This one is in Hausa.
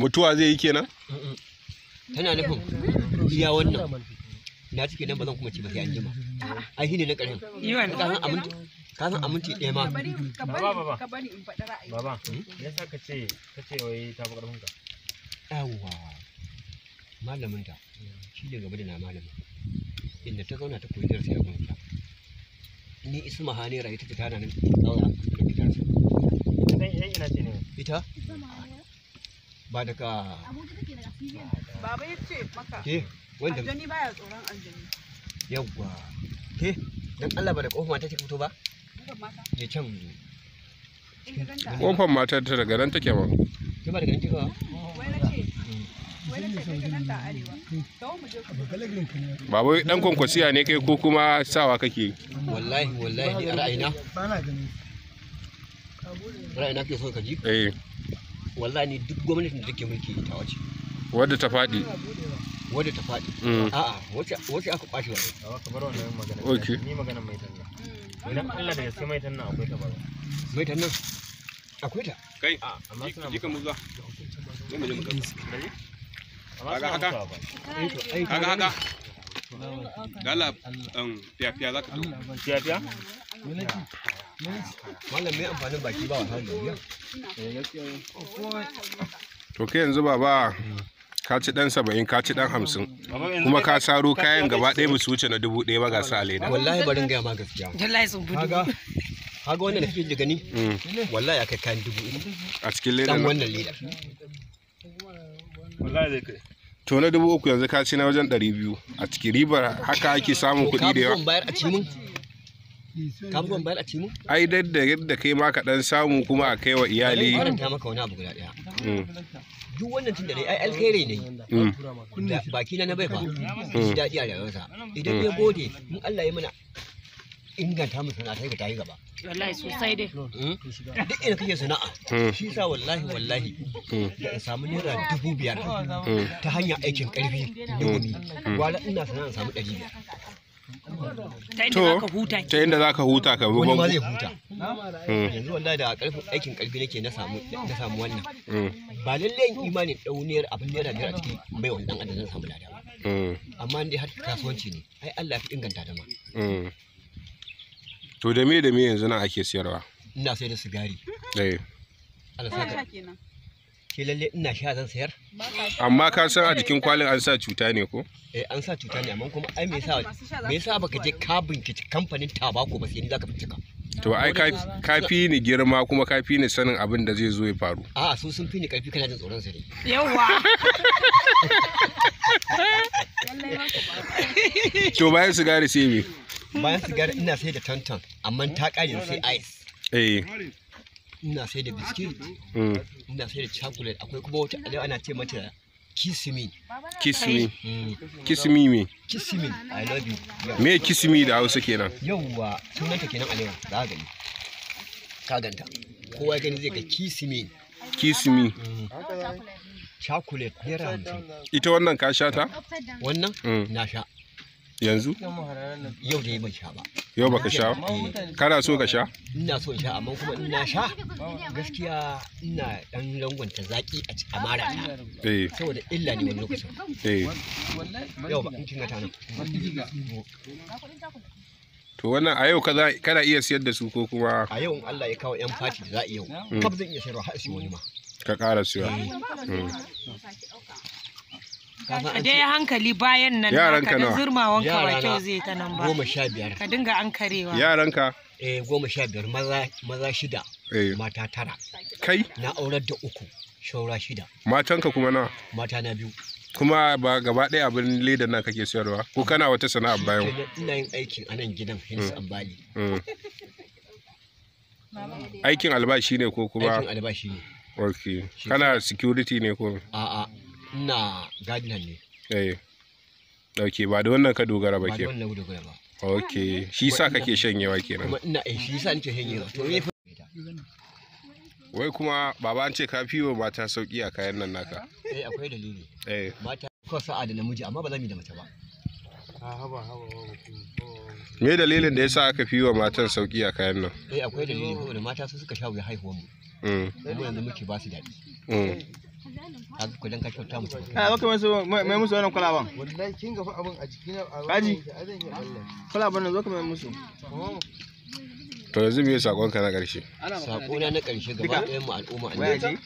mutuwa zai yi kenan tana nufin iya wannan na cike nan ba zan kuma ci ba sai an jima ai shine na karin kasan aminci kasan aminci ɗaya ma baba baba hmm? yasa ka ce ka ce wai ta fi ƙarfinka yawwa malamin ta shi ne gaba da na malamin inda ta zauna ta koyi darasi a gunta ni isu isma hanera ita fita na nan tsaura da fitar ita ba daga baba ya ce maka aljani baya tsoron aljani yawwa ke Allah ba da mata fito ba ya can eh, mata ta daga nan take ba ke ba daga nan take ba dan kwankwasiya ne kai ko kuma sawa kake wallahi wallahi ni ra'ayina ra'ayina ke ka ji eh wallahi ni duk gwamnatin da take mulki ta wace wadda ta faɗi wadda ta faɗi mm. a'a wace aka kwace wannan a bar wannan magana okay ni magana mai tanna mm. idan Allah da gaske mai tanna akwai ta ba mai tanna akwai ta kai amma suna jika muza Za mu je mu kaga haka kaga haka dala um, fiya fiya zaka to fiya fiya To ke eh, yanzu baba ka ci ɗan saba'in ka ci ɗan hamsin kuma ka saro kayan gaba ɗaya ba su wuce na dubu ɗaya ba ga su Wallahi barin gaya ma gaskiya. Wallahi sun da gani mm. wallahi ya kai kayan dubu uku. A cikin leda. Dan wannan leda. Wallahi zai to na dubu uku yanzu ka ci na wajen ɗari biyu a kiriba ribar haka ake samun kuɗi da yawa ka bugan bayar a ci ai da yadda kai ma ka dan samu kuma a kai wa iyali wannan ta maka wani abu guda daya mm. duk wannan tun da dai ai alkhairi ne mm. Da baki na na bai fa shi dadi a rayuwarsa idan ya mm. gode in Allah ya mana inganta mu sana'a ta yi gaba wallahi sosai dai duk inda kake sana'a shi sa wallahi wallahi da samu naira dubu biyar ta hanyar aikin karfi da gumi gwara ina sana'a samu ɗari biyar ta inda za ka huta ka ruwan ma zai huta hmm. yanzu wanda da karfin aikin karfi nake na samu na samu wannan hmm. ba lalle in imanin dauniyar abin naira biyar a cikin mai wannan adadin zan samu lada ba hmm. amma dai har kasuwanci ne ai Allah fi inganta da ma to da me da me yanzu na ake siyarwa ina sai da sigari eh Allah ke lalle ina sha zan sayar amma ka san a jikin kwalin an sa cuta ne ko eh an sa cuta ne amma kuma ai me yasa me yasa baka je ka bincike kamfanin tabako ba sai ni zaka bincika to ai ka fi ni girma kuma ka fi ni sanin abin da zai zo ya faru a'a su sun fi ni karfi kana jin tsoron su ne yawa to bayan sigari sai me bayan sigari ina sai da tantan amma ta kare sai ice eh ina sai da biskit mm. ina sai da chocolate akwai kuma wata alewa ana ce mata kisimi kisimi mm. kisimi me kisimi i love you me kisimi da hausa kenan yawwa sunanta kenan alewa za ka gani ka ganta kowa gani zai ga kisimi kisimi chocolate naira hamsin ita wannan ka sha ta wannan mm. na sha yanzu yau da yi ban sha ba yau baka sha kana so ka sha ina so sha amma kuma ina sha gaskiya ina dan rangwanta zaki a cikin amara eh saboda illa ne wani lokacin eh yau in kin ta nan to wannan a yau kana iya siyar da su ko kuma a yau Allah ya kawo yan fati da za a yau mm. kaf zan iya sharwa har shi wani ma ka ƙara siyar. Eh. Mm. dai hankali bayan nan yaran ka nawa zurmawan ka ba kyau zai ta nan ba goma sha biyar ka dinga an karewa yaranka eh goma sha biyar maza maza shida eh. mata tara kai na aurar da uku shaura shida matan ka kuma nawa mata na biyu kuma ba gaba ɗaya abin leda na kake siyarwa ko kana wata sana'a bayan ina yin aikin a nan gidan hinsu mm. ambali mm. aikin albashi ne ko kuma aikin albashi ne ok kana security ne ko a'a ina gardener ne eh dauke ba da wannan ka dogara ba ke ba ok shi sa kake shanyewa kenan kuma ina eh shi sa nake shanyewa to me fa wai kuma baba an ce ka fiwo wa mata sauki a kayan nan naka eh akwai dalili eh mata ko sa'a da namiji amma ba za mu yi da mace ba me dalilin da yasa aka fi matan sauki a kayan nan eh akwai dalili saboda mata su suka sha wuya haihuwar mu kuma mm. yanzu muke ba su daɗi mm. kaga kudin ka kyauta musu kana baka musu mai musu wannan kwalaban wallahi kin abin a jiki na kaji kwalaban nan zo ka mai musu to yanzu me sakon ka na karshe sako na karshe gaba ɗayan mu al'umma annabi